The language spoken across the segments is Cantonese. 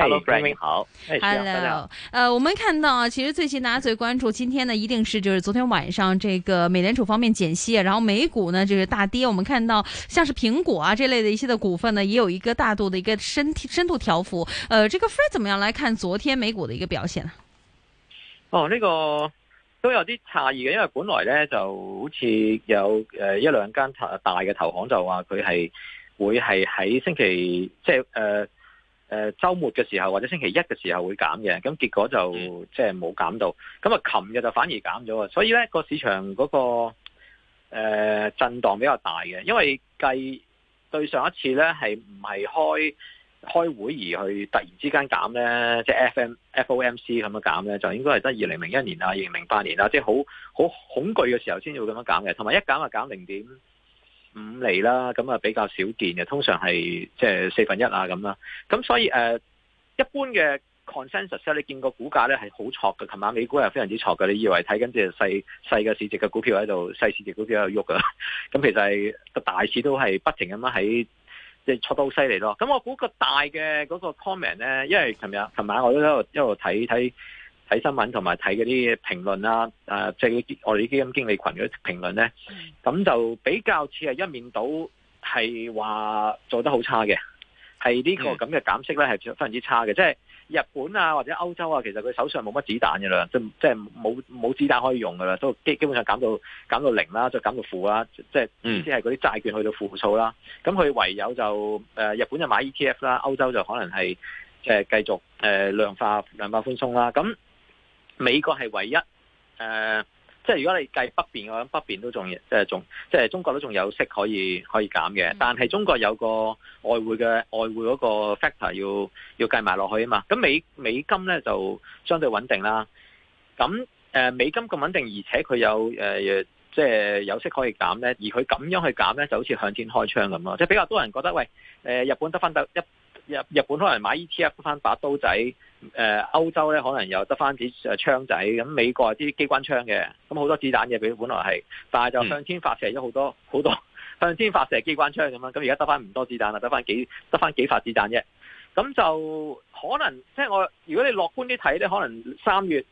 Hello Frank，好，Hello 呃，我們看到啊，其實最近大家最關注，今天呢，一定是就是昨天晚上這個美聯儲方面減息，然後美股呢就是大跌，我們看到像是蘋果啊這類的一些的股份呢，也有一個大度的一個深深度調幅，呃，這個 Frank 怎麼樣來看昨天美股的一個表現啊？哦，呢、這個都有啲詫異嘅，因為本來呢就好似有呃一兩間大嘅投行就話佢係會係喺星期即係誒。呃誒週末嘅時候或者星期一嘅時候會減嘅，咁結果就即係冇減到，咁啊琴日就反而減咗啊，所以咧個市場嗰、嗰個、呃、震盪比較大嘅，因為計對上一次咧係唔係開開會而去突然之間減咧，即係 F M F O M C 咁樣的減咧，就應該係得二零零一年啊、二零零八年啊，即係好好恐懼嘅時候先會咁樣減嘅，同埋一減就減零點五厘啦，咁啊比較少見嘅，通常係即係四分一啊咁啦。咁所以誒、呃，一般嘅 consensus 你見個股價咧係好挫嘅。琴晚美股係非常之挫嘅，你以為睇緊即係細細嘅市值嘅股票喺度，細市值股票喺度喐啊？咁 其實係個大市都係不停咁樣喺即係挫到犀利咯。咁、就是、我估個大嘅嗰個 comment 咧，因為琴日琴晚我都喺度一路睇睇。睇新聞同埋睇嗰啲評論啦，誒，即係我哋基金經理群嗰啲評論咧，咁，嗯，就比較似係一面倒，係話做得好差嘅，係呢個咁嘅減息咧係非常之差嘅，即係日本啊或者歐洲啊，其實佢手上冇乜子彈嘅啦，即即係冇冇子彈可以用嘅啦，都基基本上減到減到零啦，就減到負啦，即係即係嗰啲債券去到負數啦，咁佢唯有就誒日本就買 ETF 啦，歐洲就可能係即係繼續誒量化量化寬鬆啦，咁。美國係唯一，誒、呃，即係如果你計北邊嘅話，我諗北邊都仲，即係仲，即係中國都仲有息可以可以減嘅、嗯。但係中國有個外匯嘅外匯嗰個 factor 要要計埋落去啊嘛。咁美美金咧就相對穩定啦。咁、呃、美金咁穩定，而且佢有、呃、即係有息可以減咧，而佢咁樣去減咧，就好似向天開槍咁咯。即係比較多人覺得，喂，呃、日本得翻得一。日日本可能買 ETF 返翻把刀仔，誒、呃、歐洲咧可能又得翻幾誒槍仔，咁、嗯、美國啲機關槍嘅，咁、嗯、好多子彈嘅，本來係，但係就向天發射咗好多好多呵呵，向天發射機關槍咁樣，咁而家得翻唔多子彈啦，得翻幾得翻幾發子彈啫，咁、嗯、就可能即係我如果你樂觀啲睇咧，可能三月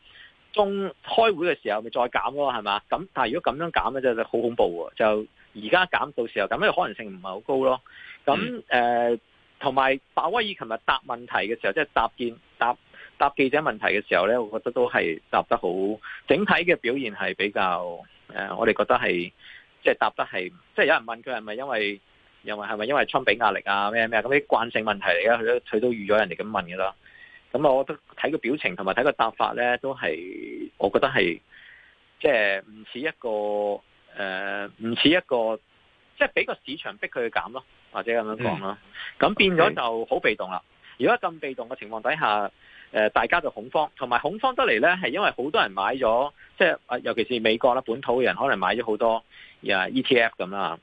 中開會嘅時候咪再減咯，係嘛？咁但係如果咁樣減咧，就好恐怖喎，就而家減到時候減，因為可能性唔係好高咯，咁、嗯、誒。同埋鮑威爾琴日答問題嘅時候，即係答見答答記者問題嘅時候咧，我覺得都係答得好。整體嘅表現係比較誒，我哋覺得係即係答得係，即係有人問佢係咪因為又係咪因為川普俾壓力啊咩咩咁啲慣性問題嚟噶，佢都佢都預咗人哋咁問㗎啦。咁我覺得睇個表情同埋睇個答法咧，都係我覺得係即係唔似一個誒，唔似一個即係俾個市場逼佢去減咯。或者咁樣講咯，咁變咗就好被動啦。如果咁被動嘅情況底下，誒大家就恐慌，同埋恐慌得嚟咧，係因為好多人買咗，即係尤其是美國啦，本土嘅人可能買咗好多 ETF 咁啦。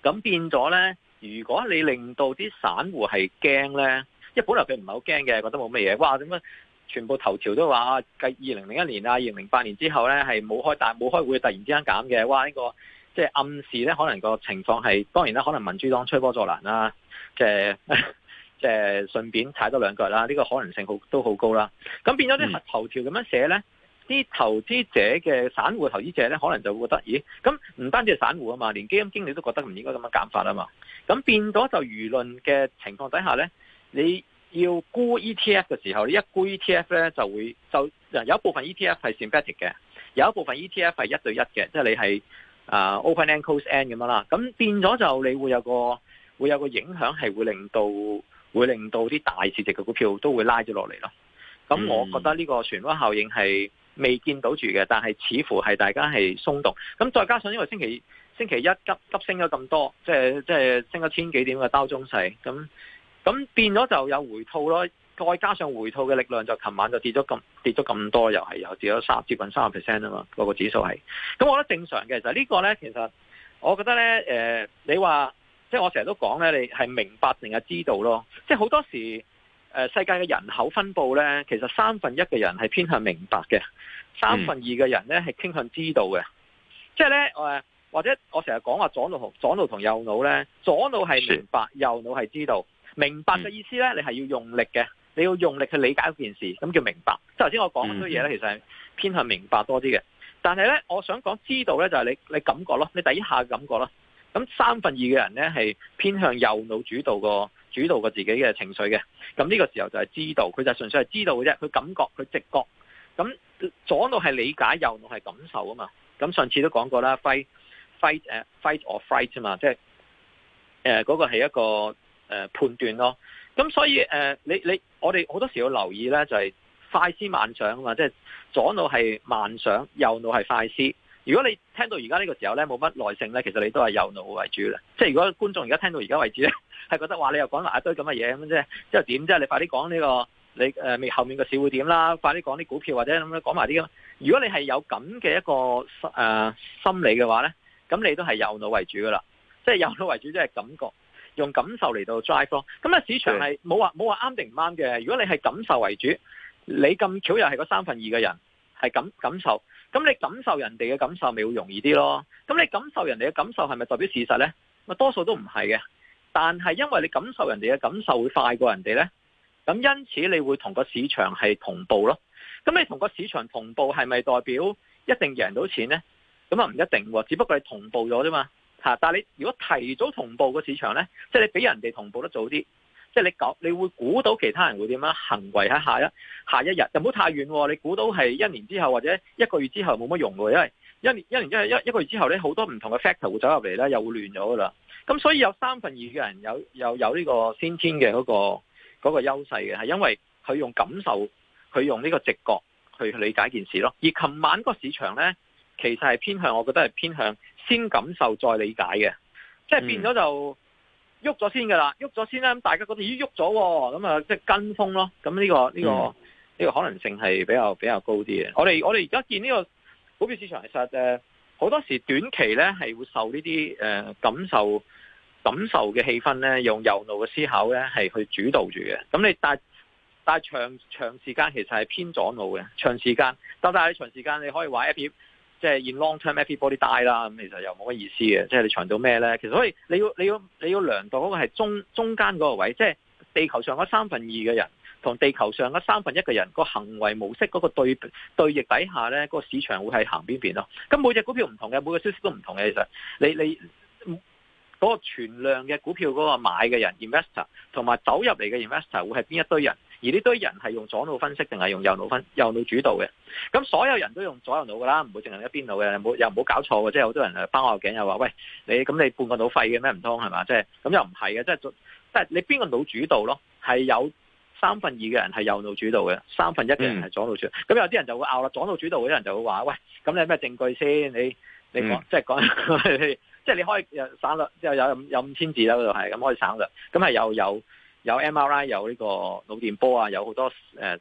咁變咗咧，如果你令到啲散戶係驚咧，即係本來佢唔係好驚嘅，覺得冇乜嘢。哇，點解全部頭條都話計二零零一年啊，二零零八年之後咧係冇開但冇開會突然之間減嘅？哇！呢個即、就、係、是、暗示咧，可能個情況係，當然啦，可能民主黨吹波助瀾啦，即係即係順便踩多兩腳啦、啊。呢個可能性好都好高啦、啊。咁變咗啲頭條咁樣寫咧，啲投資者嘅散戶投資者咧，可能就會覺得，咦？咁唔單止散戶啊嘛，連基金經理都覺得唔應該咁樣減法啊嘛。咁變咗就輿論嘅情況底下咧，你要沽 ETF 嘅時候，你一沽 ETF 咧就會就有一部分 ETF 係 synthetic 嘅，有一部分 ETF 係一,一對一嘅，即、就、係、是、你係。啊、uh，open end close end 咁樣啦，咁變咗就你會有個會有個影響，係會令到會令到啲大市值嘅股票都會拉咗落嚟咯。咁我覺得呢個漩渦效應係未見到住嘅，但係似乎係大家係鬆動。咁再加上因為星期星期一急急升咗咁多，即係即係升咗千幾點嘅兜中勢，咁咁變咗就有回吐咯。再加上回吐嘅力量，就琴晚就跌咗咁跌咗咁多，又係又跌咗三接近三十 percent 啊嘛，個、嗰個指數係。咁我覺得正常嘅，其實個呢個咧，其實我覺得咧、呃，你話即係我成日都講咧，你係明白定係知道咯。即係好多時、呃、世界嘅人口分布咧，其實三分一嘅人係偏向明白嘅，三分二嘅人咧係傾向知道嘅、嗯。即係咧、呃、或者我成日講話左腦同左腦同右腦咧，左腦係明白，右腦係知道。明白嘅意思咧，你係要用力嘅。你要用力去理解一件事，咁叫明白。即係頭先我講嗰啲嘢咧，其實係偏向明白多啲嘅。但係咧，我想講知道咧，就係你你感覺咯，你第一下感覺咯。咁三分二嘅人咧係偏向右腦主導個主導個自己嘅情緒嘅。咁呢個時候就係知道，佢就純粹係知道嘅啫。佢感覺，佢直覺。咁左腦係理解，右腦係感受啊嘛。咁上次都講過啦 fight、fight、uh, 誒 fight or fight 啫嘛，即係誒嗰個係一個誒、呃、判斷咯。咁所以誒你、呃、你。你我哋好多時要留意咧，就係快思慢想啊嘛，即係左腦係慢想，右腦係快思。如果你聽到而家呢個時候咧，冇乜耐性咧，其實你都係右腦為主啦。即係如果觀眾而家聽到而家為止咧，係覺得話你又講埋一堆咁嘅嘢咁啫，即係點？即係你快啲講呢個你未後面個市會點啦，快啲講啲股票或者咁樣講埋啲。如果你係有咁嘅一個誒、呃、心理嘅話咧，咁你都係右腦為主噶啦，即係右腦為主即係感覺。用感受嚟到 drive 咯，咁啊市場係冇話冇話啱定唔啱嘅。如果你係感受為主，你咁巧又係嗰三分二嘅人係感感受，咁你感受人哋嘅感受咪會容易啲咯？咁你感受人哋嘅感受係咪代表事實呢？咪多數都唔係嘅，但係因為你感受人哋嘅感受會快過人哋呢，咁因此你會同個市場係同步咯。咁你同個市場同步係咪代表一定贏到錢呢？咁啊唔一定喎，只不過係同步咗啫嘛。但你如果提早同步個市場咧，即係你俾人哋同步得早啲，即係你估，你會估到其他人會點樣行為，喺下一下一日，又唔好太遠，你估到係一年之後或者一個月之後冇乜用嘅，因為一年一年一一個月之後咧，好多唔同嘅 factor 會走入嚟咧，又會亂咗噶啦。咁所以有三分二嘅人有有有呢個先天嘅嗰個嗰個優勢嘅，係因為佢用感受，佢用呢個直覺去理解件事咯。而琴晚個市場咧，其實係偏向，我覺得係偏向。先感受再理解嘅，即係變咗就喐咗先噶啦，喐、嗯、咗先啦，咁大家覺得咦喐咗，咁啊即係跟風咯，咁呢、這個呢、這個呢、這個可能性係比較比較高啲嘅。我哋我哋而家見呢、這個股票市場其實誒好多時短期咧係會受呢啲誒感受感受嘅氣氛咧，用右腦嘅思考咧係去主導住嘅。咁你但但長長時間其實係偏左腦嘅，長時間但但係長時間你，你可以玩一撇。即係 in long term everybody die 啦，咁其實又冇乜意思嘅。即係你長到咩咧？其實所以你要你要你要量度嗰個係中中間嗰個位，即係地球上嗰三分二嘅人同地球上嗰三分一嘅人個行為模式嗰個對對弈底下咧，個市場會係行邊邊咯。咁每隻股票唔同嘅，每個消息都唔同嘅。其實你你嗰個存量嘅股票嗰個買嘅人 investor 同埋走入嚟嘅 investor 會係邊一堆人？而呢堆人係用左腦分析定係用右腦分右腦主導嘅，咁所有人都用左右腦㗎啦，唔會淨係一邊腦嘅，又冇又唔好搞錯嘅，即係好多人誒掰我條頸又話喂，你咁你半個腦廢嘅咩？唔通係嘛？即係咁又唔係嘅，即係即係你邊個腦主導咯？係有三分二嘅人係右腦主導嘅，三分一嘅人係左腦主導。咁、嗯、有啲人就會拗啦，左腦主導嗰啲人就會話喂，咁你咩證據先？你你講、嗯、即係講，即係你可以省略，即係有有五千字啦，嗰度係咁可以省略，咁係又有。有有 M R I 有呢個腦電波啊，有好多誒、呃、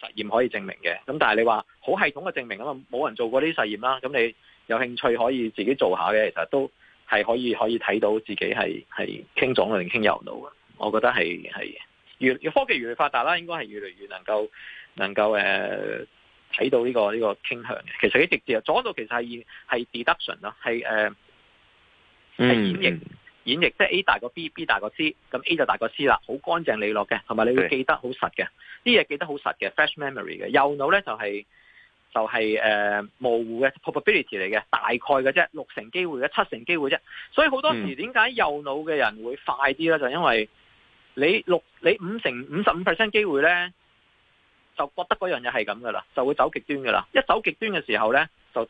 實驗可以證明嘅。咁但係你話好系統嘅證明吖嘛，冇人做過呢啲實驗啦。咁你有興趣可以自己做下嘅，其實都係可以可以睇到自己係係傾左定傾右腦嘅。我覺得係係越越，越科技越嚟發達啦，應該係越嚟越能夠能夠誒睇、呃、到呢、呢個呢、呢個傾向嘅。其實幾直接啊，左腦其實係係 deduction 啦，係誒係掩影。是演繹即係 A 大過 B，B 大過 C，咁 A 就大過 C 啦，好乾淨利落嘅，同埋你會記得好實嘅，啲嘢記得好實嘅，fresh memory 嘅。右腦咧就係、是、就係、是、誒、uh, 模糊嘅 probability 嚟嘅，大概嘅啫，六成機會嘅，七成機會啫。所以好多時點解、嗯、右腦嘅人會快啲咧？就是、因為你六你五成五十五 percent 機會咧，就覺得嗰樣嘢係咁噶啦，就會走極端噶啦。一走極端嘅時候咧，就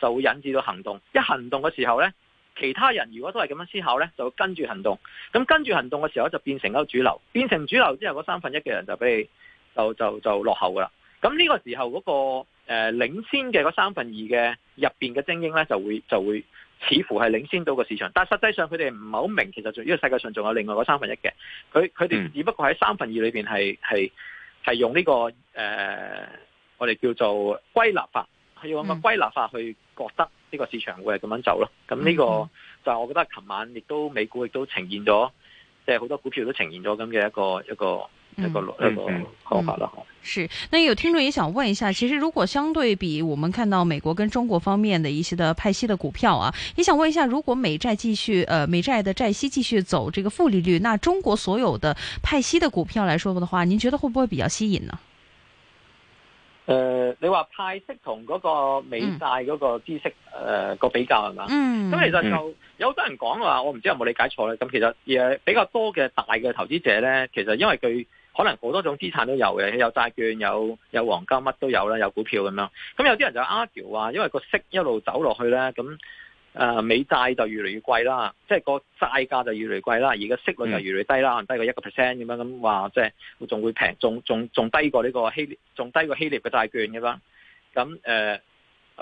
就會引致到行動。一行動嘅時候咧。其他人如果都係咁樣思考呢，就跟住行動。咁跟住行動嘅時候就變成一個主流，變成主流之後嗰三分一嘅人就俾你就就就落後㗎啦。咁呢個時候嗰、那個領、呃、領先嘅嗰三分二嘅入面嘅精英呢，就會就會似乎係領先到個市場，但實實際上佢哋唔係好明，其實仲因世界上仲有另外嗰三分一嘅佢佢哋，他們只不過喺三分二裏面係係係用呢、這個誒、呃、我哋叫做歸納法。係要咁嘅歸納法去覺得呢個市場會係咁樣走咯。咁、嗯、呢個就係我覺得，琴晚亦都美股亦都呈現咗，即係好多股票都呈現咗咁嘅一個一個、嗯、一個、嗯、一個方法咯。是，那有聽眾也想問一下，其實如果相對比，我們看到美國跟中國方面的一些的派息的股票啊，也想問一下，如果美債繼續，呃，美債的債息繼續走這個負利率，那中國所有的派息的股票來說的話，您覺得會不會比較吸引呢？誒、呃，你話派息同嗰個美債嗰個孳息誒、嗯呃、個比較係嘛？咁、嗯、其實就有好多人講話，我唔知有冇理解錯咧。咁其實誒比較多嘅大嘅投資者咧，其實因為佢可能好多種資產都有嘅，有債券、有有黃金乜都有啦，有股票咁樣。咁有啲人就 argue 話，因為個息一路走落去咧，咁。誒、呃、美債就越嚟越貴啦，即係個債價就越嚟越貴啦，而家息率就越嚟越低啦，可、嗯、能低，低過一個 percent 咁樣咁話，即係仲會平，仲仲仲低過呢個希，仲低過希臘嘅債券噶啦。咁誒，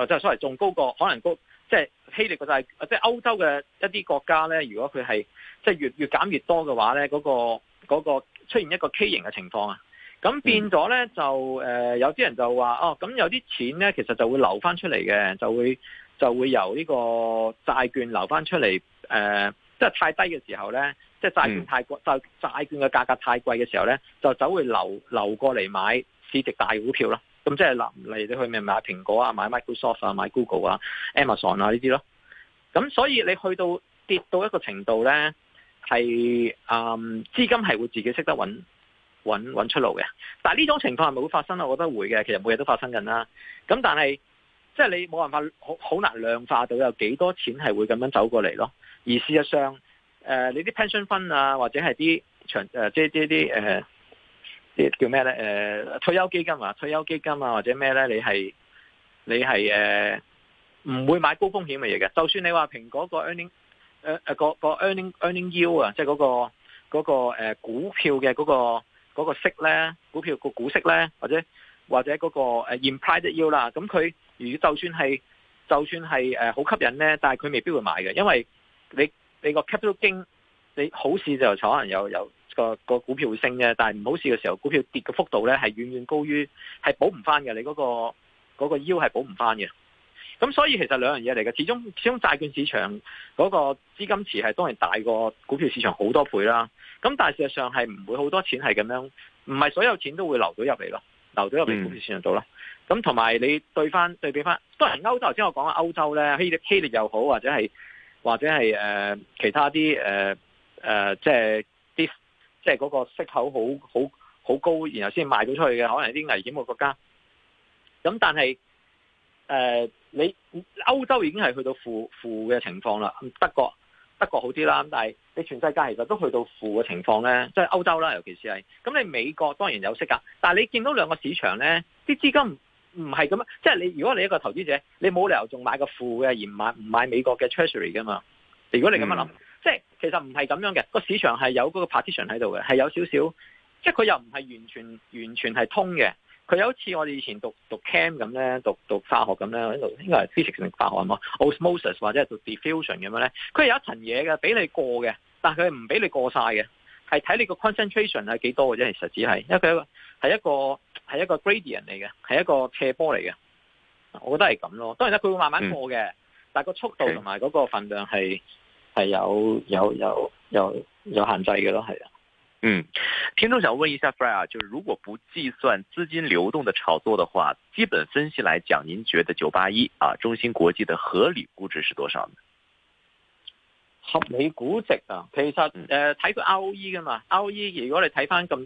即係所謂仲高過，可能高即係希臘嘅債，即係歐洲嘅一啲國家咧。如果佢係即係越越減越多嘅話咧，嗰、那個嗰、那個、出現一個 K 型嘅情況啊。咁變咗咧、嗯、就誒、呃，有啲人就話哦，咁有啲錢咧其實就會流翻出嚟嘅，就會。就會由呢個債券流翻出嚟，誒、呃，即係太低嘅時候咧，即係債券太貴，債券嘅價格太貴嘅時候咧，就走會流流過嚟買市值大股票咯。咁即係例如你去咪買蘋果啊、買 Microsoft 啊、買 Google 啊、Amazon 啊呢啲咯。咁所以你去到跌到一個程度咧，係嗯資金係會自己識得搵搵揾出路嘅。但係呢種情況係咪會發生啊，我覺得會嘅，其實每日都發生緊、啊、啦。咁但係。即係你冇辦法好好難量化到有幾多錢係會咁樣走過嚟咯。而事實上，誒、呃、你啲 pension fund 啊，或者係啲長、呃、即係啲啲誒啲叫咩咧？誒、呃、退休基金啊，退休基金啊，或者咩咧？你係你係誒唔會買高風險嘅嘢嘅。就算你話蘋果個 earning 誒、呃那個 earning earning yield 啊，即係嗰個嗰、那個、股票嘅嗰、那個那個息咧，股票個股息咧，或者或者嗰個 implied yield 啦，咁佢。如果就算係就算係誒好吸引咧，但係佢未必會買嘅，因為你你個 capital gain，你好市就可能有有，有個個股票會升嘅，但係唔好市嘅時候，股票跌嘅幅度咧係遠遠高於係補唔翻嘅，你嗰個、嗰個腰係補唔翻嘅。咁、那個、所以其實兩樣嘢嚟嘅，始終始終債券市場嗰個資金池係當然大過股票市場好多倍啦。咁但係事實上係唔會好多錢係咁樣，唔係所有錢都會流到入嚟咯，流到入嚟股票市場度啦。嗯咁同埋你對翻對比翻，當然歐洲頭先我講嘅歐洲咧，希臘希臘又好，或者係或者係誒、呃、其他啲誒即係啲即係嗰個息口好好好高，然後先賣到出去嘅，可能係啲危險嘅國家。咁但係誒、呃，你歐洲已經係去到負負嘅情況啦。德國德國好啲啦，但係你全世界其實都去到負嘅情況咧，即係歐洲啦，尤其是係咁。你美國當然有息噶，但你見到兩個市場咧，啲資金。唔係咁啊！即係你，如果你一個投資者，你冇理由仲買個負嘅，而唔買唔買美國嘅 Treasury 嘅嘛？如果你咁樣諗、嗯，即係其實唔係咁樣嘅。個市場係有嗰個 partition 喺度嘅，係有少少，即係佢又唔係完全完全係通嘅。佢有好似我哋以前讀讀 cam 咁咧，讀 cam 呢讀化學咁咧，喺度應該係 physics 定化學嘛？Osmosis 或者係讀 diffusion 咁樣咧，佢有一層嘢嘅，俾你過嘅，但係佢唔俾你過晒嘅。係睇你個 concentration 係幾多嘅啫，其實只係，因為佢一個係一個係一個 gradient 嚟嘅，係一個斜坡嚟嘅。我覺得係咁咯，當然啦，佢會慢慢過嘅、嗯，但係個速度同埋嗰個份量係係有有有有有限制嘅咯，係啊。嗯，聽眾想問一下 Fry 啊，就係如果不計算資金流動嘅炒作嘅話，基本分析嚟講，您覺得九八一啊，中芯國際嘅合理估值係多少呢？合理估值啊，其實誒睇佢 ROE 噶嘛，ROE 如果你睇翻咁，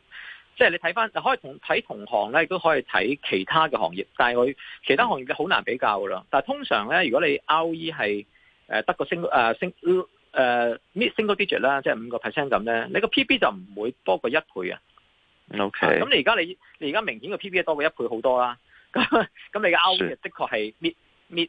即係你睇翻可以同睇同行咧，亦都可以睇其他嘅行業，但係佢其他行業嘅好難比較噶啦。但係通常咧，如果你 ROE 係誒得個升誒升誒 meet single digit 啦，即係五個 percent 咁咧，你個 P/B 就唔會多過一倍，okay. 啊。O.K. 咁你而家你你而家明顯個 P/B 多過一倍好多啦。咁 咁你嘅 ROE 的確係 meet meet。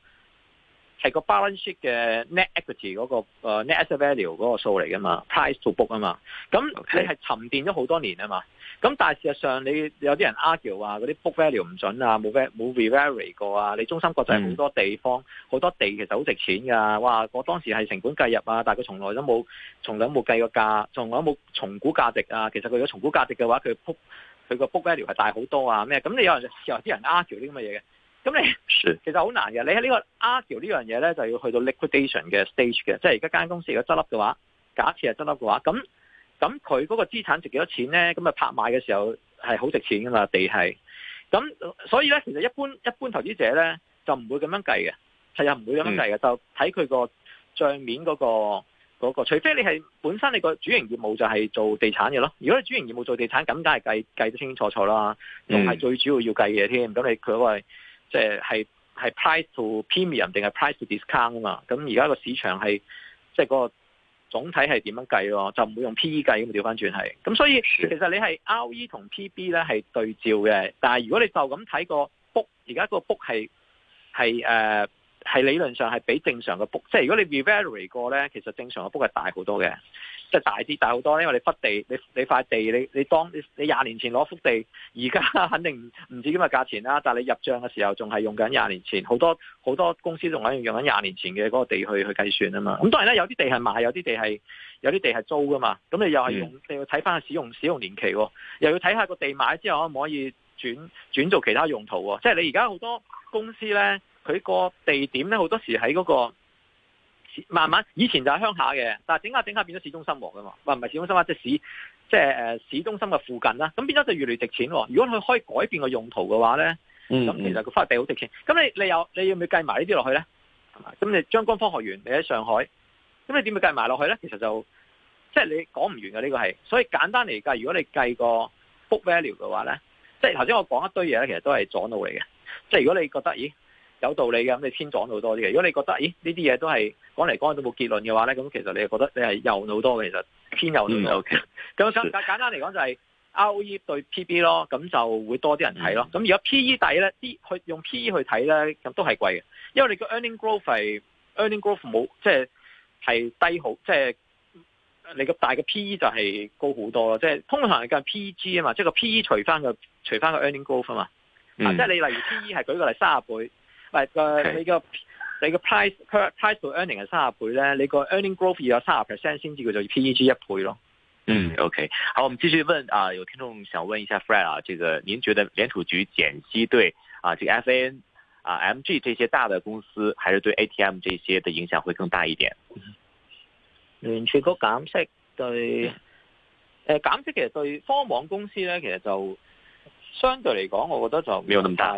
係個 balance sheet 嘅 net equity 嗰、那個、呃、net asset value 嗰個數嚟噶嘛，price to book 啊嘛，咁你係沉澱咗好多年啊嘛，咁但係事實上你有啲人 argue 話嗰啲 book value 唔準啊，冇冇 revalue 過啊，你中心國際好多地方好、嗯、多地其實好值錢噶，哇！我當時係成本計入啊，但佢從來都冇從來都冇計過價，從來都冇重估價值啊，其實佢如果重估價值嘅話，佢 book 佢個 book value 係大好多啊咩？咁你有人有啲人 argue 啲咁嘅嘢嘅。咁你其實好難嘅，你喺呢個阿橋呢樣嘢咧，就要去到 liquidation 嘅 stage 嘅，即係而家間公司如果執笠嘅話，假設係執笠嘅話，咁咁佢嗰個資產值幾多錢咧？咁啊拍賣嘅時候係好值錢噶嘛，地係。咁所以咧，其實一般一般投資者咧就唔會咁樣計嘅，係唔會咁樣計嘅，嗯、就睇佢個帳面嗰、嗰個嗰、嗰個。除非你係本身你個主營業務就係做地產嘅咯，如果你主營業務做地產，咁梗係計計得清清楚楚啦，仲、嗯、係最主要要計嘅嘢添。咁你佢嗰即係係 price to premium 定係 price to discount 啊嘛，咁而家個市場係即係個總體係點樣計咯？就唔會用 PE 計咁，調翻轉係。咁所以其實你係 ROE 同 PB 呢係對照嘅，但係如果你就咁睇個 book，而家個 book 係係誒係理論上係比正常嘅 book，即係如果你 revalue 過呢，其實正常嘅 book 係大好多嘅。即、就、係、是、大啲大好多，因為你忽地，你你塊地，你你當你你廿年前攞幅地，而家肯定唔唔止咁嘅價錢啦。但係你入帳嘅時候，仲係用緊廿年前，好多好多公司仲喺用緊廿年前嘅嗰個地去去計算啊嘛。咁當然咧，有啲地係賣，有啲地係有啲地係租噶嘛。咁你又係用、嗯、你要睇翻個使用使用年期、哦，又要睇下個地買之後可唔可以轉轉做其他用途、哦。即、就、係、是、你而家好多公司咧，佢個地點咧好多時喺嗰個。慢慢以前就喺鄉下嘅，但係整下整下變咗市中心喎，噶嘛，唔係市中心，即係市即係誒市中心嘅附近啦。咁變咗就越嚟越值錢。如果佢可以改變個用途嘅話咧，咁、嗯嗯、其實個花嚟地好值錢。咁你你又你要唔要計埋呢啲落去咧？咁你將軍科學園你喺上海，咁你點會計埋落去咧？其實就即係你講唔完嘅呢、這個係。所以簡單嚟計，如果你計個 book value 嘅話咧，即係頭先我講一堆嘢咧，其實都係左腦嚟嘅。即係如果你覺得咦？有道理嘅，咁你偏左腦多啲。嘅。如果你覺得，咦呢啲嘢都係講嚟講去都冇結論嘅話咧，咁其實你係覺得你係右腦多嘅，其實偏右腦多嘅。咁想簡簡單嚟講就係 ROE 對 PB 咯，咁就會多啲人睇咯。咁、嗯、如果 PE 底咧，去用 PE 去睇咧，咁都係貴嘅，因為你個 earning growth 係 earning growth 冇，即係係低好，即、就、係、是、你個大嘅 PE 就係高好多咯。即、就、係、是、通常係個 PEG 啊嘛，即係個 PE 除翻個除翻個 earning growth 啊嘛。即、嗯、係、啊就是、你例如 PE 係舉個例三十倍。唔，你個你個 price p r i c e to earning 係三十倍咧，你個 earning growth 要有三十 percent 先至，叫做 P E G 一倍咯。嗯，OK，好，我們繼續問啊，有聽眾想問一下 Fred 啊，這個您覺得聯儲局減息對啊，這個 F N 啊 M G 這些大的公司，還是對 A T M 這些的影響會更大一點？聯儲局減息對誒、呃、減息其實對科網公司咧，其實就相對嚟講，我覺得就沒有，沒有那麼大。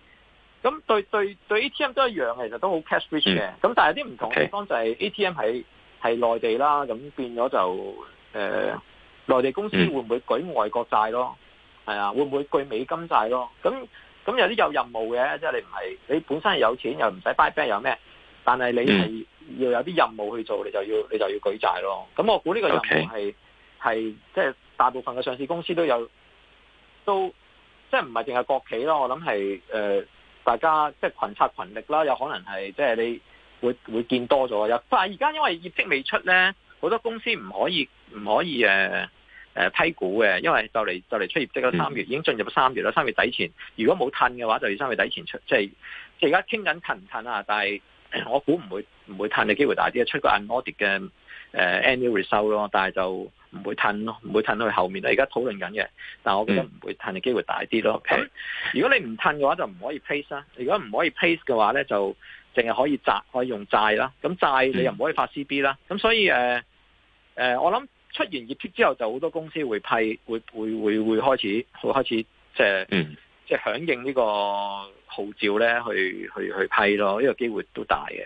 咁對對對 ATM 都一樣，其實都好 cash rich 嘅。咁、嗯、但係有啲唔同嘅地方、okay. 就係 ATM 係係內地啦。咁變咗就誒、呃嗯，內地公司會唔會舉外國債咯？係啊，會唔會舉美金債咯？咁咁有啲有任務嘅，即、就、係、是、你唔係你本身有錢又唔使 buy back 有咩？但係你係要有啲任務去做，你就要你就要舉債咯。咁我估呢個任務係係即係大部分嘅上市公司都有，都即係唔係淨係國企咯？我諗係大家即係群策群力啦，有可能係即係你會會見多咗又，但係而家因為業績未出咧，好多公司唔可以唔可以誒誒、呃呃、批股嘅，因為就嚟就嚟出業績啦，三月已經進入咗三月啦，三月底前如果冇褪嘅話，就要三月底前出，即係即係而家傾緊褪唔褪啊，但係、呃、我估唔會唔會褪嘅機會大啲啊，出個 unaudited 嘅誒 annual result 咯，但係就。唔會褪咯，唔會褪去後面啦。而家討論緊嘅，但係我覺得唔會褪嘅機會大啲咯、嗯。如果你唔褪嘅話，就唔可以 pace 啦。如果唔可以 pace 嘅話呢就淨係可以債可以用債啦。咁債你又唔可以發 CB 啦。咁所以誒誒、嗯呃呃，我諗出完業績之後，就好多公司會批，會會會會開始會開始、呃嗯、即係即係響應呢個號召呢去去去批咯。呢、呢個機會都大嘅。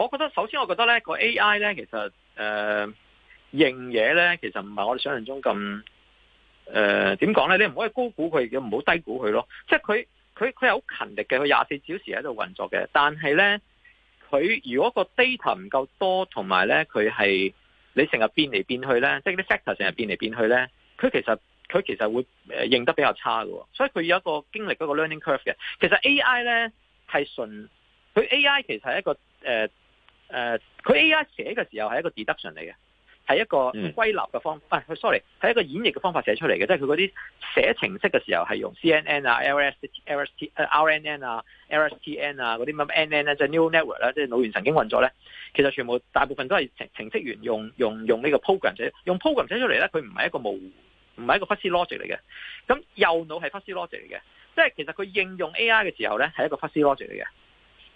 我覺得首先，我覺得咧個 AI 咧，其實誒、呃、認嘢咧，其實唔係我哋想象中咁誒點講咧，你唔可以高估佢，亦唔好低估佢咯。即係佢佢佢係好勤力嘅，佢廿四小時喺度運作嘅。但係咧，佢如果個 data 唔夠多，同埋咧佢係你成日變嚟變去咧，即係啲 sector 成日變嚟變去咧，佢其實佢其實會誒認得比較差喎。所以佢有一個經歷嗰個 learning curve 嘅。其實 AI 咧係純佢 AI 其實係一個、呃誒，佢 A.I. 寫嘅時候係一個 deduction 嚟嘅，係一個歸納嘅方法，唔、mm. 係、啊、，sorry，係一個演繹嘅方法寫出嚟嘅，即係佢嗰啲寫程式嘅時候係用 C.N.N 啊、L.S.L.S.T.、Uh, R.N.N. 啊、L.S.T.N. 啊嗰啲乜 N.N. 咧、啊，即、就、係、是、new network 咧、啊，即係腦源神經運作咧，其實全部大部分都係程程式員用用用呢個 program 寫，用 program 寫出嚟咧，佢唔係一個模糊，唔係一個 fuzzy logic 嚟嘅，咁右腦係 fuzzy logic 嚟嘅，即、就、係、是、其實佢應用 A.I. 嘅時候咧，係一個 fuzzy logic 嚟嘅。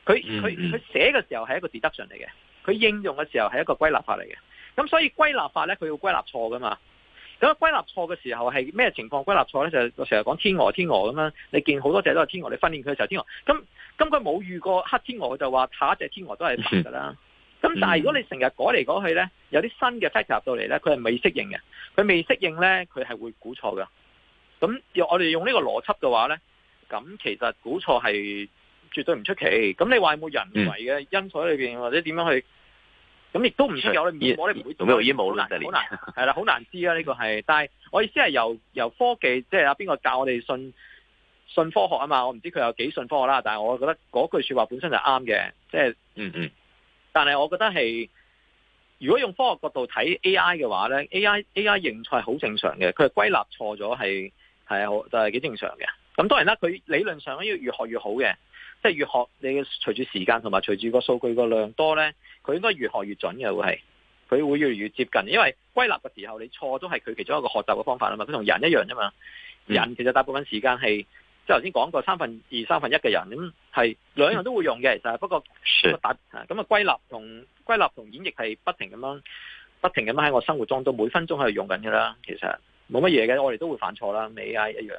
佢佢佢寫嘅時候係一個 deduction 嚟嘅，佢應用嘅時候係一個歸納法嚟嘅。咁所以歸納法咧，佢要歸納錯噶嘛。咁啊，歸納錯嘅時候係咩情況歸納錯咧？就成日講天鵝天鵝咁樣。你見好多隻都係天鵝，你訓練佢嘅時候天鵝。咁咁佢冇遇過黑天鵝，佢就話下一隻天鵝都係白噶啦。咁 但係如果你成日改嚟改去咧，有啲新嘅 fact 入到嚟咧，佢係未適應嘅。佢未適應咧，佢係會估錯嘅。咁用我哋用呢個邏輯嘅話咧，咁其實估錯係，絕對唔出奇。咁你話有冇人為嘅因素喺裏面，嗯，或者點樣去咁？亦都唔知有。我哋唔會做咩煙霧啦，好難係啦，好難， 難知呀、啊。呢、呢個係，但係我意思係由由科技，即係啊邊個教我哋信信科學啊嘛？我唔知佢有幾信科學啦，但係我覺得嗰句說話本身就啱、是、嘅，即係嗯嗯。但係我覺得係如果用科學角度睇 A I 嘅話咧，A I A I 認錯係好正常嘅，佢係歸納錯咗，係係好就係幾正常嘅。咁當然啦，佢理論上呢，要越學越好嘅。即係越學，你隨住時間同埋隨住個數據個量多呢，佢應該越學越準嘅會係，佢會越嚟越接近。因為歸納嘅時候，你錯都係佢其中一個學習嘅方法啊嘛。佢同人一樣啫嘛，人其實大部分時間係即係頭先講過三分二三分一嘅人，咁係兩樣都會用嘅其實。不過打咁啊，歸納同歸納同演繹係不停咁樣，不停咁樣喺我生活中都每分鐘喺度用緊噶啦。其實冇乜嘢嘅，我哋都會犯錯啦。AI 一樣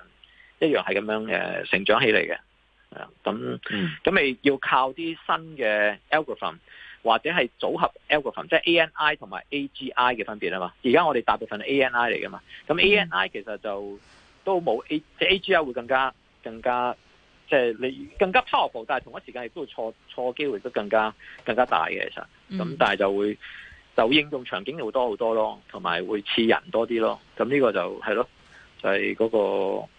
一樣係咁樣誒成長起嚟嘅。咁，咁咪要靠啲新嘅 algorithm 或者係組合 algorithm，即係 ANI 同埋 AGI 嘅分別啊嘛。而家我哋大部分係 ANI 嚟噶嘛，咁 ANI 其實就都冇 A，即 AGI 會更加更加即係、就是、你更加 powerful，但係同一時間亦都會錯錯機會都更加更加大嘅其實。咁但係就會就會應用場景會多好多咯，同埋會似人多啲咯。咁呢個就係咯，就係、是、嗰、那個。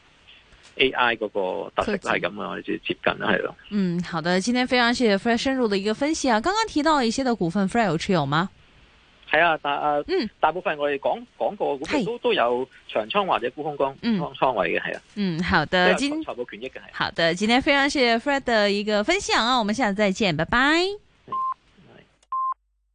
A.I. 嗰個特色係咁啊，我哋接接近啦，係咯。嗯，好的，今天非常謝謝 Fred 深入嘅一個分析啊！剛剛提到一些嘅股份，Fred、嗯、有持有嗎？係啊，大啊，嗯，大部分我哋講講過嘅股票都是的都有長倉或者沽空光倉位嘅，係啊、嗯。嗯，好的。投資財富權益嘅。好的，今天非常謝謝 Fred 的一個分享啊！我們下次再見，拜拜。